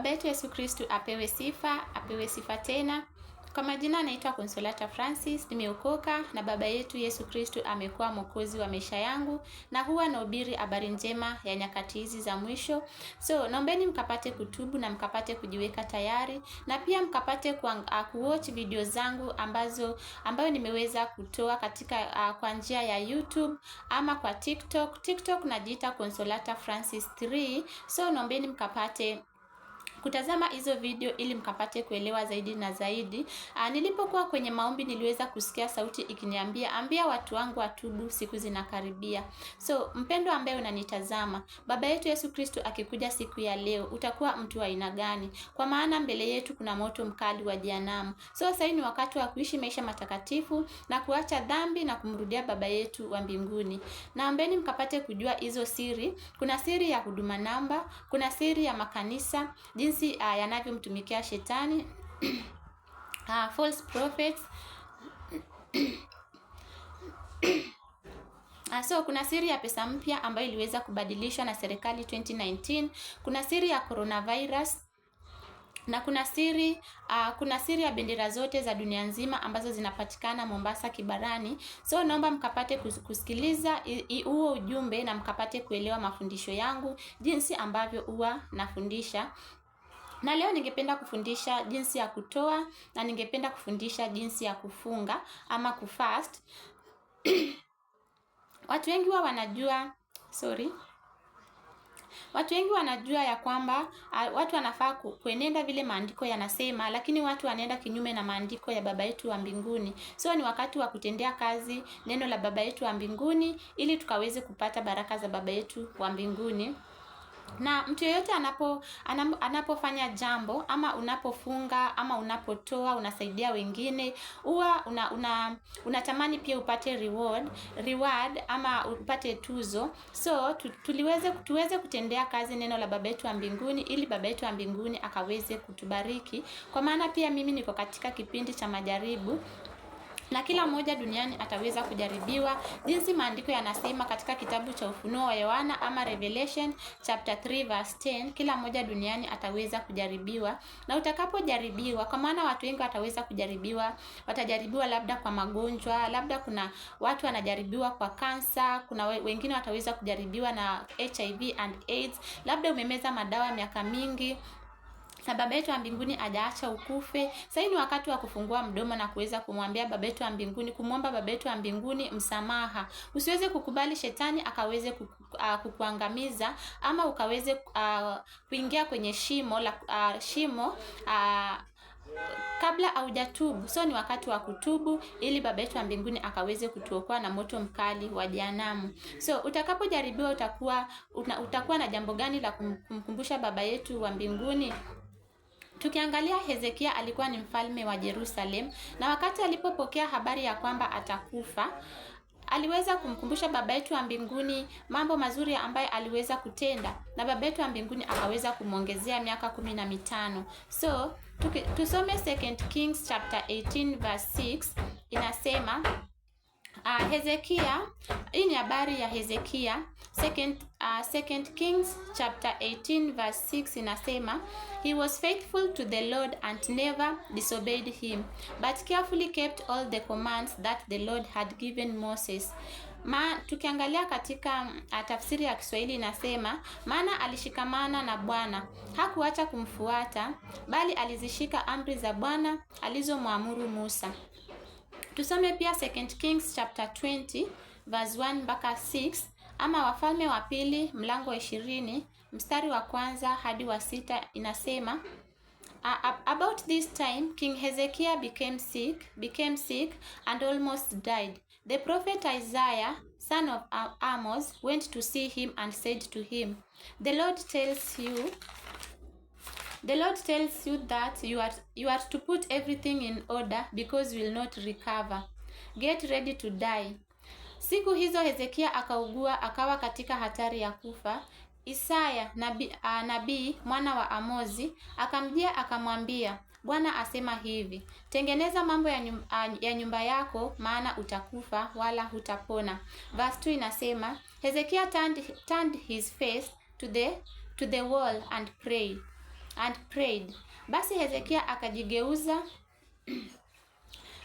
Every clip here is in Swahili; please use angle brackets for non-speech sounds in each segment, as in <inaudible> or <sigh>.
Baba yetu Yesu Kristu apewe sifa, apewe sifa tena. Kwa majina anaitwa Consolata Francis, nimeokoka na Baba yetu Yesu Kristu amekuwa mwokozi wa maisha yangu, na huwa nahubiri habari njema ya nyakati hizi za mwisho. So naombeni mkapate kutubu na mkapate kujiweka tayari, na pia mkapate ah, kuwatch video zangu ambazo ambayo nimeweza kutoa katika uh, kwa njia ya YouTube ama kwa TikTok. TikTok najiita Consolata Francis 3, so naombeni mkapate kutazama hizo video ili mkapate kuelewa zaidi na zaidi. Uh, nilipokuwa kwenye maombi niliweza kusikia sauti ikiniambia, ambia watu wangu watubu, siku zinakaribia. So mpendo ambaye unanitazama, baba yetu Yesu Kristo akikuja siku ya leo, utakuwa mtu wa aina gani? Kwa maana mbele yetu kuna moto mkali wa jehanamu. So sasa ni wakati wa kuishi maisha matakatifu na kuacha dhambi na kumrudia baba yetu wa mbinguni. Naombeni mkapate kujua hizo siri. Kuna siri ya huduma namba, kuna siri ya makanisa, jinsi uh, yanavyomtumikia shetani uh, <clears throat> false prophets <clears throat> ah, So kuna siri ya pesa mpya ambayo iliweza kubadilishwa na serikali 2019, kuna siri ya coronavirus na kuna siri uh, kuna siri ya bendera zote za dunia nzima ambazo zinapatikana Mombasa Kibarani. So naomba mkapate kusikiliza huo ujumbe na mkapate kuelewa mafundisho yangu jinsi ambavyo huwa nafundisha. Na leo ningependa kufundisha jinsi ya kutoa na ningependa kufundisha jinsi ya kufunga ama kufast. <clears throat> Watu wengi huwa wanajua, sorry. Watu wengi wanajua ya kwamba ah, watu wanafaa kuenenda vile maandiko yanasema, lakini watu wanaenda kinyume na maandiko ya Baba yetu wa mbinguni. So ni wakati wa kutendea kazi neno la Baba yetu wa mbinguni ili tukaweze kupata baraka za Baba yetu wa mbinguni na mtu yeyote anapo anapofanya jambo ama unapofunga ama unapotoa unasaidia wengine, huwa una, una unatamani pia upate reward reward ama upate tuzo. So tu, tuliweze tuweze kutendea kazi neno la Baba yetu wa mbinguni, ili Baba yetu wa mbinguni akaweze kutubariki, kwa maana pia mimi niko katika kipindi cha majaribu na kila mmoja duniani ataweza kujaribiwa, jinsi maandiko yanasema katika kitabu cha Ufunuo wa Yohana ama Revelation chapter 3 verse 10, kila mmoja duniani ataweza kujaribiwa. Na utakapojaribiwa, kwa maana watu wengi wataweza kujaribiwa, watajaribiwa labda kwa magonjwa, labda kuna watu wanajaribiwa kwa kansa, kuna wengine wataweza kujaribiwa na HIV and AIDS, labda umemeza madawa miaka mingi na Baba yetu wa mbinguni ajaacha ukufe. Sasa ni wakati wa kufungua mdomo na kuweza kumwambia Baba yetu wa mbinguni, kumwomba Baba yetu wa mbinguni msamaha. Usiweze kukubali shetani akaweze kuku, uh, kukuangamiza ama ukaweze uh, kuingia kwenye shimo la uh, shimo uh, kabla haujatubu. So ni wakati wa kutubu ili baba yetu wa mbinguni akaweze kutuokoa na moto mkali wa jehanamu. So utakapojaribiwa utakuwa utakuwa na jambo gani la kumkumbusha baba yetu wa mbinguni? Tukiangalia Hezekia alikuwa ni mfalme wa Jerusalem na wakati alipopokea habari ya kwamba atakufa, aliweza kumkumbusha baba yetu wa mbinguni mambo mazuri ambayo aliweza kutenda na baba yetu wa mbinguni akaweza kumwongezea miaka kumi na mitano. So tuki, tusome 2 Kings chapter 18 verse 6 inasema Uh, Hezekia, hii ni habari ya Hezekia second, uh, second Kings chapter 18 verse 6 inasema he was faithful to the Lord and never disobeyed him but carefully kept all the commands that the Lord had given Moses. Ma, tukiangalia katika ah, tafsiri ya Kiswahili inasema maana alishikamana na Bwana hakuacha kumfuata bali alizishika amri za Bwana alizomwamuru Musa. Tusome pia 2 Kings chapter 20 verse 1 mpaka 6 ama Wafalme wa Pili mlango ishirini mstari wa kwanza hadi wa sita inasema About this time King Hezekiah became sick, became sick and almost died. The prophet Isaiah, son of Amos, went to see him and said to him, The Lord tells you, The Lord tells you that you are, you are to put everything in order because you will not recover. Get ready to die. Siku hizo Hezekia akaugua akawa katika hatari ya kufa. Isaya ah, nabii nabi, mwana wa Amozi akamjia akamwambia, Bwana asema hivi, tengeneza mambo ya nyumba, ah, ya nyumba yako maana utakufa wala hutapona. Verse 2 inasema, Hezekia turned, turned his face to the, to the wall and prayed and prayed. Basi Hezekia akajigeuza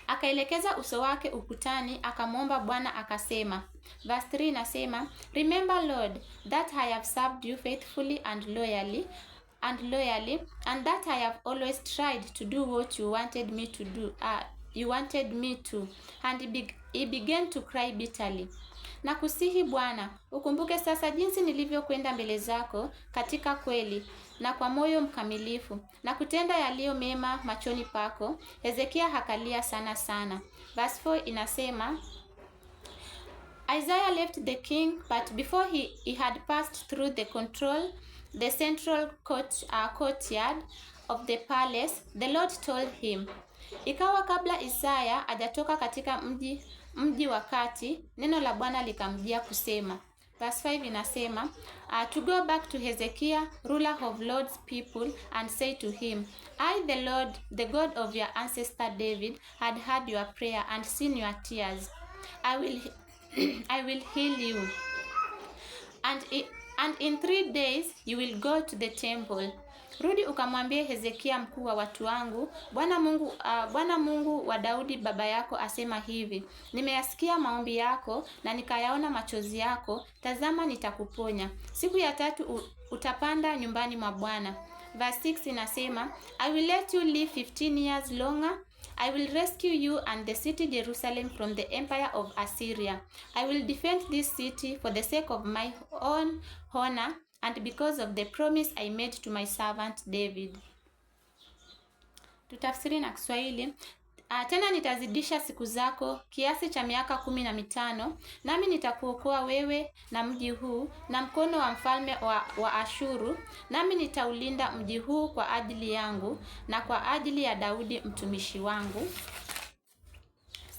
akaelekeza uso wake ukutani akamwomba Bwana akasema, verse 3 inasema, remember Lord that I have served you faithfully and loyally and loyally and that I have always tried to do what you wanted me to do uh, you wanted me to and he, be he began to cry bitterly. Na kusihi Bwana, ukumbuke sasa jinsi nilivyokwenda mbele zako katika kweli na kwa moyo mkamilifu na kutenda yaliyo mema machoni pako. Hezekia hakalia sana sana. Verse 4 inasema Isaiah left the king but before he, he had passed through the control the central court, uh, courtyard of the palace the Lord told him Ikawa kabla Isaya ajatoka katika mji mji wa kati, neno la Bwana likamjia kusema Verse 5 inasema uh, to go back to Hezekiah ruler of Lord's people and say to him I the Lord the God of your ancestor David had heard your prayer and seen your tears I will <clears throat> I will heal you and it, and in three days you will go to the temple. Rudi ukamwambie Hezekia mkuu wa watu wangu, Bwana Mungu, uh, Bwana Mungu wa Daudi baba yako asema hivi, nimeyasikia maombi yako na nikayaona machozi yako, tazama nitakuponya. Siku ya tatu utapanda nyumbani mwa Bwana. Verse 6 inasema I will let you live 15 years longer I will rescue you and the city Jerusalem from the empire of Assyria. I will defend this city for the sake of my own honor and because of the promise I made to my servant David. Tutafsiri na Kiswahili. Uh, tena nitazidisha siku zako kiasi cha miaka kumi na mitano, nami nitakuokoa wewe na mji huu na mkono wa mfalme wa, wa Ashuru, nami nitaulinda mji huu kwa ajili yangu na kwa ajili ya Daudi mtumishi wangu.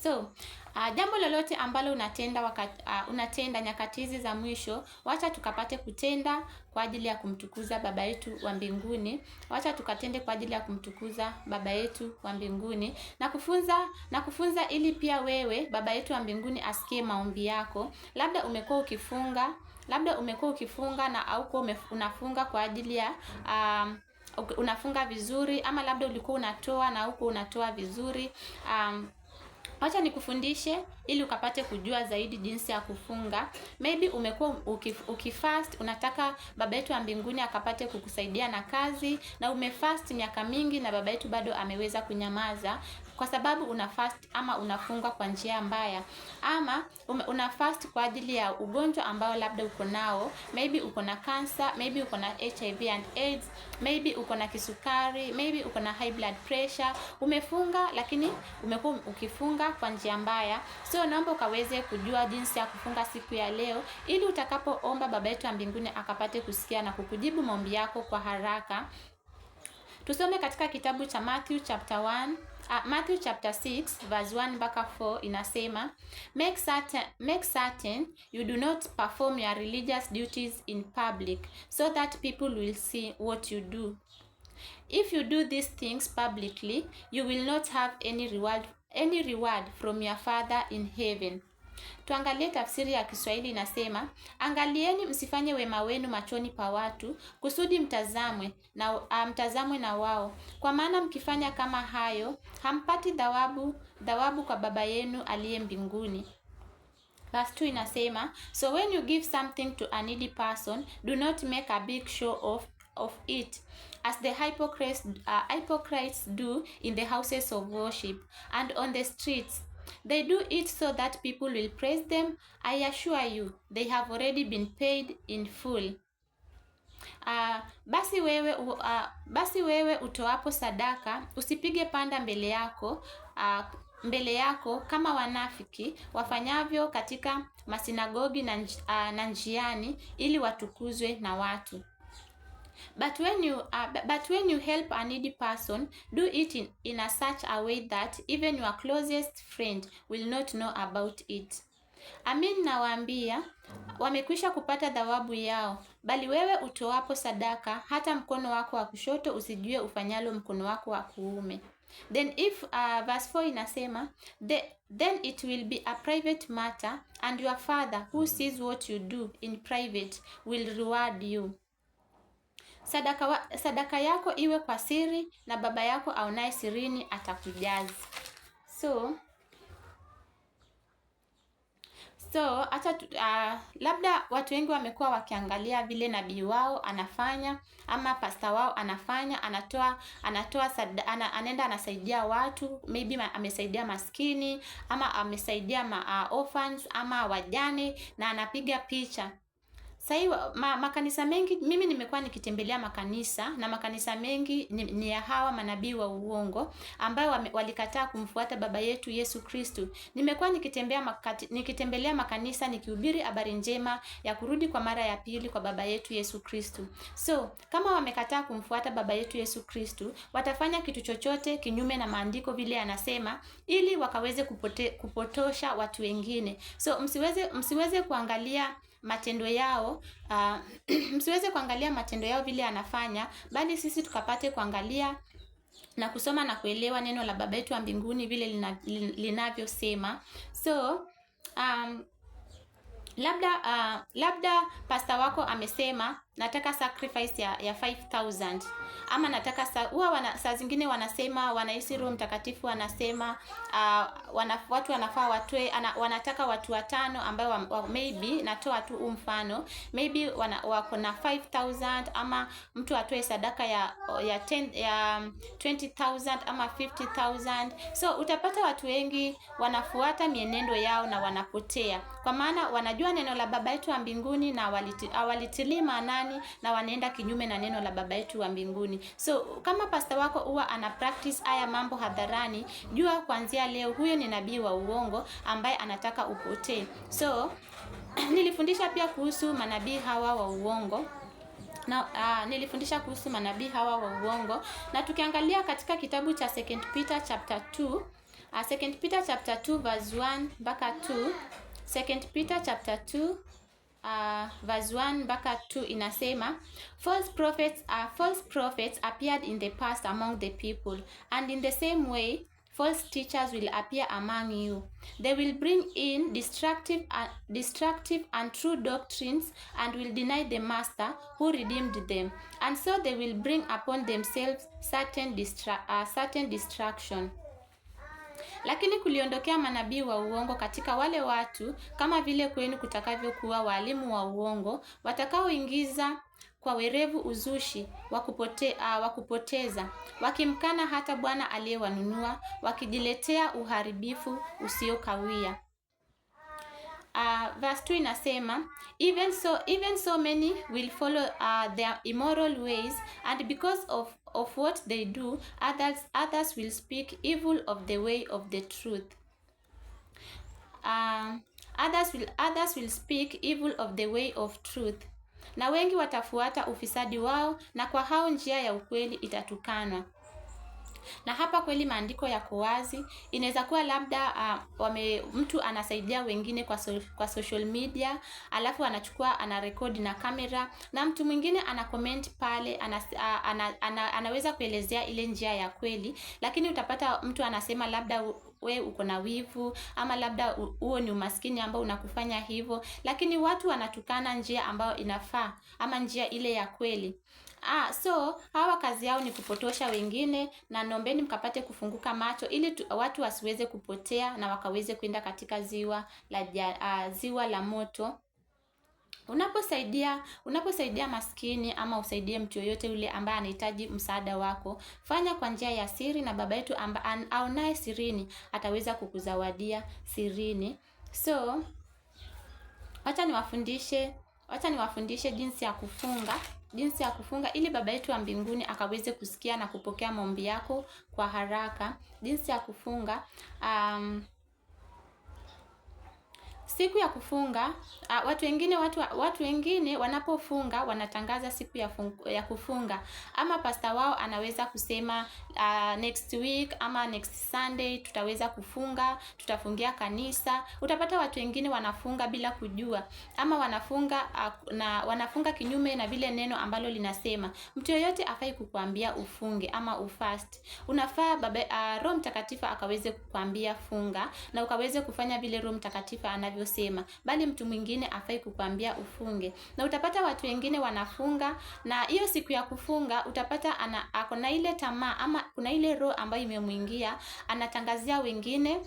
So Uh, jambo lolote ambalo unatenda wakati, uh, unatenda nyakati hizi za mwisho, wacha tukapate kutenda kwa ajili ya kumtukuza Baba yetu wa mbinguni. Wacha tukatende kwa ajili ya kumtukuza Baba yetu wa mbinguni na kufunza na kufunza, ili pia wewe Baba yetu wa mbinguni asikie maombi yako. Labda umekuwa ukifunga, labda umekuwa ukifunga na au unafunga kwa ajili ya um, unafunga vizuri, ama labda ulikuwa unatoa na huko unatoa vizuri um, Wacha nikufundishe ili ukapate kujua zaidi jinsi ya kufunga. Maybe umekuwa ukifast, unataka baba yetu wa mbinguni akapate kukusaidia na kazi, na umefast miaka mingi na baba yetu bado ameweza kunyamaza kwa sababu una fast ama unafunga kwa njia mbaya ama una fast kwa ajili ya ugonjwa ambao labda uko nao, maybe uko na cancer, maybe uko na HIV and AIDS, maybe uko na kisukari, maybe uko na high blood pressure. Umefunga lakini umekuwa ukifunga kwa njia mbaya, so naomba ukaweze kujua jinsi ya kufunga siku ya leo, ili utakapoomba Baba yetu wa mbinguni akapate kusikia na kukujibu maombi yako kwa haraka. Tusome katika kitabu cha Matthew chapter 1 uh, Matthew chapter 6 verse 1 mpaka 4 inasema make certain, make certain you do not perform your religious duties in public so that people will see what you do if you do these things publicly you will not have any reward, any reward from your father in heaven Tuangalie tafsiri ya Kiswahili inasema, angalieni msifanye wema wenu machoni pa watu kusudi mtazamwe na ah, mtazamwe na wao, kwa maana mkifanya kama hayo hampati thawabu thawabu kwa Baba yenu aliye mbinguni. Verse 2 inasema, so when you give something to a needy person do not make a big show of of it as the hypocrites, uh, hypocrites do in the houses of worship and on the streets They do it so that people will praise them. I assure you they have already been paid in full. Uh, basi wewe uh, basi wewe utoapo sadaka usipige panda mbele yako uh, mbele yako kama wanafiki wafanyavyo katika masinagogi na, uh, na njiani ili watukuzwe na watu. But when you uh, but when you help a needy person, do it in, in a such a way that even your closest friend will not know about it. Amin nawaambia, wamekwisha kupata thawabu yao. Bali wewe utoapo sadaka, hata mkono wako wa kushoto usijue ufanyalo mkono wako wa kuume. Then if uh, verse 4 inasema the, then it will be a private matter and your father who sees what you do in private will reward you. Sadaka, wa, sadaka yako iwe kwa siri na Baba yako aonaye sirini atakujaza. So so hata uh, labda watu wengi wamekuwa wakiangalia vile nabii wao anafanya ama pasta wao anafanya, anatoa anatoa sada, ana, anaenda anasaidia watu maybe ma, amesaidia maskini ama amesaidia ma, uh, orphans ama wajane na anapiga picha sasa hivi ma, makanisa mengi mimi nimekuwa nikitembelea makanisa na makanisa mengi ni, ni ya hawa manabii wa uongo ambayo walikataa kumfuata baba yetu Yesu Kristu. Nimekuwa nikitembea makati, nikitembelea makanisa nikihubiri habari njema ya kurudi kwa mara ya pili kwa baba yetu Yesu Kristu. So kama wamekataa kumfuata baba yetu Yesu Kristu, watafanya kitu chochote kinyume na maandiko vile yanasema, ili wakaweze kupote, kupotosha watu wengine. So msiweze msiweze kuangalia matendo yao uh, <clears throat> msiweze kuangalia matendo yao vile anafanya, bali sisi tukapate kuangalia na kusoma na kuelewa neno la Baba yetu wa mbinguni vile linavyosema lina, so um, labda uh, labda pasta wako amesema nataka sacrifice ya, ya 5000 ama nataka huwa wana, saa zingine wanasema wanahisi Roho Mtakatifu wanasema uh, ah, wana, watu wanafaa watoe ana, wanataka watu watano ambao wa, wa, maybe natoa tu huu mfano maybe wana, wako na 5000 ama mtu atoe sadaka ya ya, ya 20000 ama 50000 so utapata watu wengi wanafuata mienendo yao na wanapotea, kwa maana wanajua neno la Baba yetu wa mbinguni na hawalitilii maanani duniani na wanaenda kinyume na neno la Baba yetu wa mbinguni. So kama pasta wako huwa ana practice haya mambo hadharani, jua kuanzia leo huyo ni nabii wa uongo ambaye anataka upotee. So <clears throat> nilifundisha pia kuhusu manabii hawa wa uongo na uh, nilifundisha kuhusu manabii hawa wa uongo na tukiangalia katika kitabu cha Second Peter chapter 2 uh, ah, Second Peter chapter 2 verse 1 mpaka 2 Second Peter chapter 2 uh, verse 1 mpaka 2 inasema false prophets, uh, false prophets appeared in the past among the people and in the same way false teachers will appear among you they will bring in destructive, uh, destructive and true doctrines and will deny the master who redeemed them and so they will bring upon themselves certain, distra uh, certain destruction lakini kuliondokea manabii wa uongo katika wale watu, kama vile kwenu kutakavyokuwa walimu wa uongo watakaoingiza kwa werevu uzushi wa kupote, uh, wa kupoteza wakimkana hata Bwana aliyewanunua wakijiletea uharibifu usiokawia uh, verse 2 inasema even so, even so many will follow uh, their immoral ways and because of, of what they do others, others will speak evil of the way of the truth uh, others will, others will speak evil of the way of truth na wengi watafuata ufisadi wao na kwa hao njia ya ukweli itatukanwa. Na hapa kweli maandiko yako wazi. Inaweza kuwa labda uh, wame, mtu anasaidia wengine kwa, so, kwa social media alafu anachukua anarekodi na kamera na mtu mwingine ana comment pale ana, ana, ana, ana, anaweza kuelezea ile njia ya kweli, lakini utapata mtu anasema labda we uko na wivu ama labda huo ni umaskini ambao unakufanya hivyo, lakini watu wanatukana njia ambayo inafaa ama njia ile ya kweli. Ah, so kazi yao ni kupotosha wengine, na nombeni mkapate kufunguka macho ili tu, watu wasiweze kupotea na wakaweze kwenda katika ziwa la uh, ziwa la moto. Unaposaidia unaposaidia maskini ama usaidie mtu yoyote yule ambaye anahitaji msaada wako, fanya kwa njia ya siri, na baba yetu ambaye aonaye sirini ataweza kukuzawadia sirini. So wacha niwafundishe wacha niwafundishe jinsi ya kufunga jinsi ya kufunga ili Baba yetu wa mbinguni akaweze kusikia na kupokea maombi yako kwa haraka, jinsi ya kufunga um, Siku ya kufunga uh, watu wengine watu watu wengine wanapofunga wanatangaza siku ya, fung, ya kufunga ama pasta wao anaweza kusema uh, next week ama next Sunday tutaweza kufunga, tutafungia kanisa. Utapata watu wengine wanafunga bila kujua ama wanafunga uh, na wanafunga kinyume na vile neno ambalo linasema. Mtu yoyote afai kukuambia ufunge ama ufast. Unafaa baba uh, Roho Mtakatifu akaweze kukuambia funga na ukaweze kufanya vile Roho Mtakatifu anavyo alivyosema, bali mtu mwingine afai kukwambia ufunge. Na utapata watu wengine wanafunga, na hiyo siku ya kufunga utapata ana, ako na ile tamaa ama kuna ile roho ambayo imemwingia, anatangazia wengine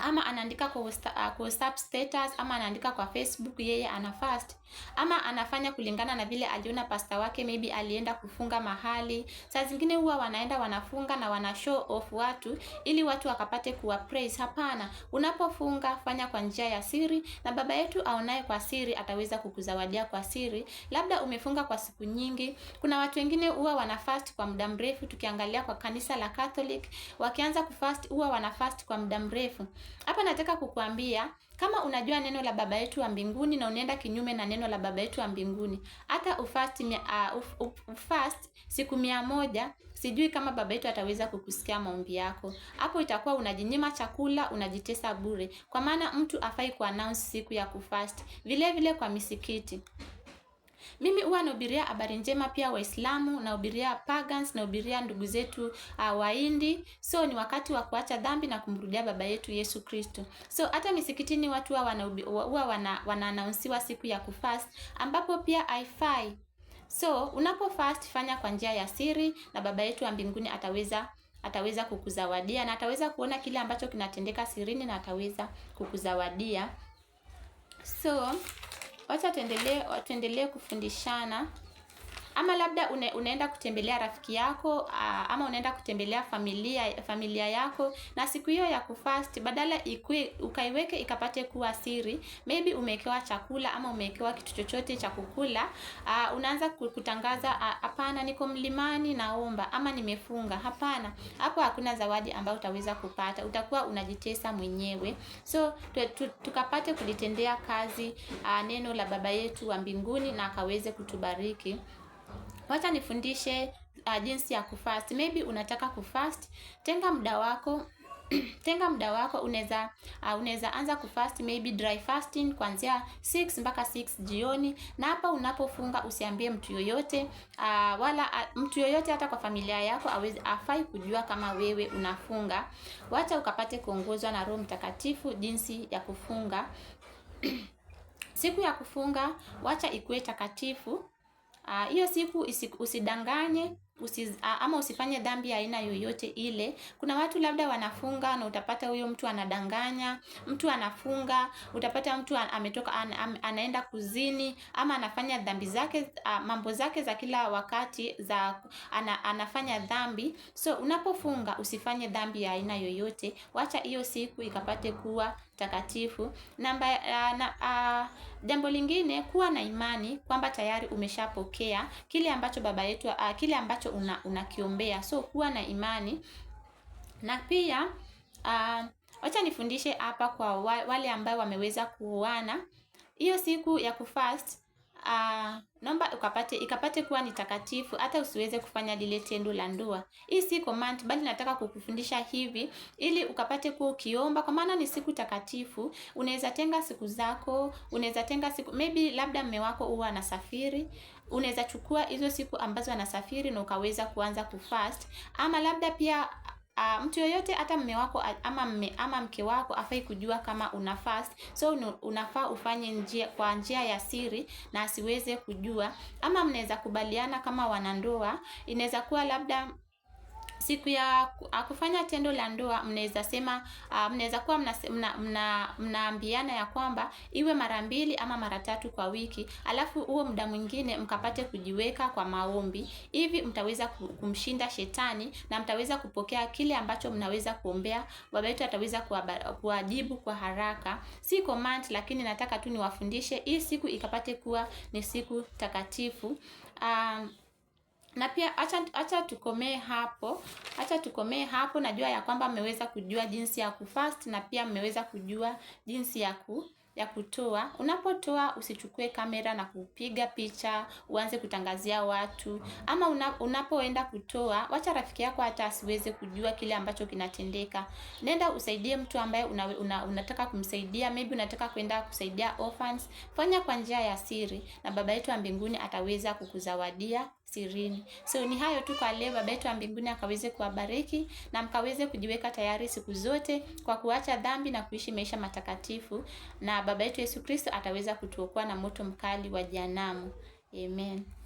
ama anaandika kwa, uh, kwa WhatsApp status ama anaandika kwa Facebook yeye ana fast ama anafanya kulingana na vile aliona pasta wake maybe alienda kufunga mahali. Saa zingine huwa wanaenda wanafunga na wana show off watu ili watu wakapate kuwa praise. Hapana, unapofunga fanya kwa njia ya siri, na baba yetu aonaye kwa siri ataweza kukuzawadia kwa siri. Labda umefunga kwa siku nyingi. Kuna watu wengine huwa wana fast kwa muda mrefu, tukiangalia kwa kanisa la Catholic, wakianza kufast huwa wana fast kwa muda mrefu. Hapa nataka kukuambia kama unajua neno la Baba yetu wa mbinguni na unaenda kinyume na neno la Baba yetu wa mbinguni, hata ufast ah, uh, ufast siku mia moja, sijui kama Baba yetu ataweza kukusikia maombi yako. Hapo itakuwa unajinyima chakula, unajitesa bure, kwa maana mtu afai kuannounce siku ya kufast. Vile vile kwa misikiti mimi huwa nahubiria habari njema pia Waislamu, nahubiria pagans, nahubiria ndugu zetu uh, Wahindi. So ni wakati wa kuacha dhambi na kumrudia baba yetu Yesu Kristo. So hata misikitini watu huwa huwa wana, wanaanaunsiwa siku ya kufast ambapo pia haifai. So fast fanya kwa njia ya siri na baba yetu wa mbinguni ataweza ataweza kukuzawadia na ataweza kuona kile ambacho kinatendeka sirini na ataweza kukuzawadia. So wacha tuendelee kufundishana ama labda une, unaenda kutembelea rafiki yako uh, ama unaenda kutembelea familia familia yako, na siku hiyo ya kufast badala ikue, ukaiweke ikapate kuwa siri, maybe umewekewa chakula ama umewekewa kitu chochote cha kukula uh, unaanza kutangaza hapana, uh, niko mlimani naomba, ama nimefunga. Hapana, hapo hakuna zawadi ambayo utaweza kupata, utakuwa unajitesa mwenyewe. So tu, tu, tukapate kulitendea kazi uh, neno la Baba yetu wa mbinguni na akaweze kutubariki wacha nifundishe uh, jinsi ya kufast. Maybe unataka kufast, tenga muda wako <clears throat> tenga muda wako, unaweza uh, unaweza anza kufast maybe dry fasting kuanzia 6 mpaka 6 jioni. Na hapa unapofunga usiambie mtu yoyote uh, wala uh, mtu yoyote hata kwa familia yako awezi afai kujua kama wewe unafunga. Wacha ukapate kuongozwa na Roho Mtakatifu jinsi ya kufunga <clears throat> siku ya kufunga, wacha ikuwe takatifu. Ah, hiyo siku usidanganye usiz, ama usifanye dhambi aina yoyote ile. Kuna watu labda wanafunga na utapata huyo mtu anadanganya, mtu anafunga, utapata mtu ametoka an, an, anaenda kuzini ama anafanya dhambi zake a, mambo zake za kila wakati za ana, anafanya dhambi. So unapofunga usifanye dhambi ya aina yoyote, wacha hiyo siku ikapate kuwa takatifu. Namba a, na, a, jambo lingine kuwa na imani kwamba tayari umeshapokea kile ambacho baba yetu a, kile ambacho ambacho unakiombea una so kuwa na imani na pia uh, wacha nifundishe hapa kwa wale ambao wameweza kuoana hiyo siku ya kufast Uh, naomba ukapate ikapate kuwa ni takatifu hata usiweze kufanya lile tendo la ndoa. Hii si command bali nataka kukufundisha hivi ili ukapate kuwa ukiomba, kwa maana ni siku takatifu. Unaweza tenga siku zako, unaweza tenga siku maybe, labda mme wako huwa anasafiri unaweza chukua hizo siku ambazo anasafiri na ukaweza kuanza kufast, ama labda pia Uh, mtu yoyote hata mme wako ama mme, ama mke wako afai kujua kama una fast, so unafaa ufanye njia kwa njia ya siri na asiweze kujua, ama mnaweza kubaliana kama wanandoa, inaweza kuwa labda siku ya ah, kufanya tendo la ndoa mnaweza sema uh, mnaweza kuwa mnaambiana mna, mna, mna ya kwamba iwe mara mbili ama mara tatu kwa wiki, alafu huo muda mwingine mkapate kujiweka kwa maombi. Hivi mtaweza kumshinda shetani na mtaweza kupokea kile ambacho mnaweza kuombea. Baba yetu ataweza kuwajibu kwa haraka. Si command, lakini nataka tu niwafundishe hii siku ikapate kuwa ni siku takatifu um, na pia acha, acha tukomee hapo, acha tukomee hapo. Najua ya kwamba mmeweza kujua jinsi ya kufast na pia mmeweza kujua jinsi ya ku ya kutoa. Unapotoa usichukue kamera na kupiga picha, uanze kutangazia watu, ama una, unapoenda kutoa, wacha rafiki yako hata asiweze kujua kile ambacho kinatendeka. Nenda usaidie mtu ambaye una, una, unataka kumsaidia, maybe unataka kwenda kusaidia orphans. Fanya kwa njia ya siri na Baba yetu wa mbinguni ataweza kukuzawadia sirini. So ni hayo tu kwa leo. Baba yetu wa mbinguni akaweze kuwabariki na mkaweze kujiweka tayari siku zote kwa kuacha dhambi na kuishi maisha matakatifu na baba yetu Yesu Kristo ataweza kutuokoa na moto mkali wa jehanamu. Amen.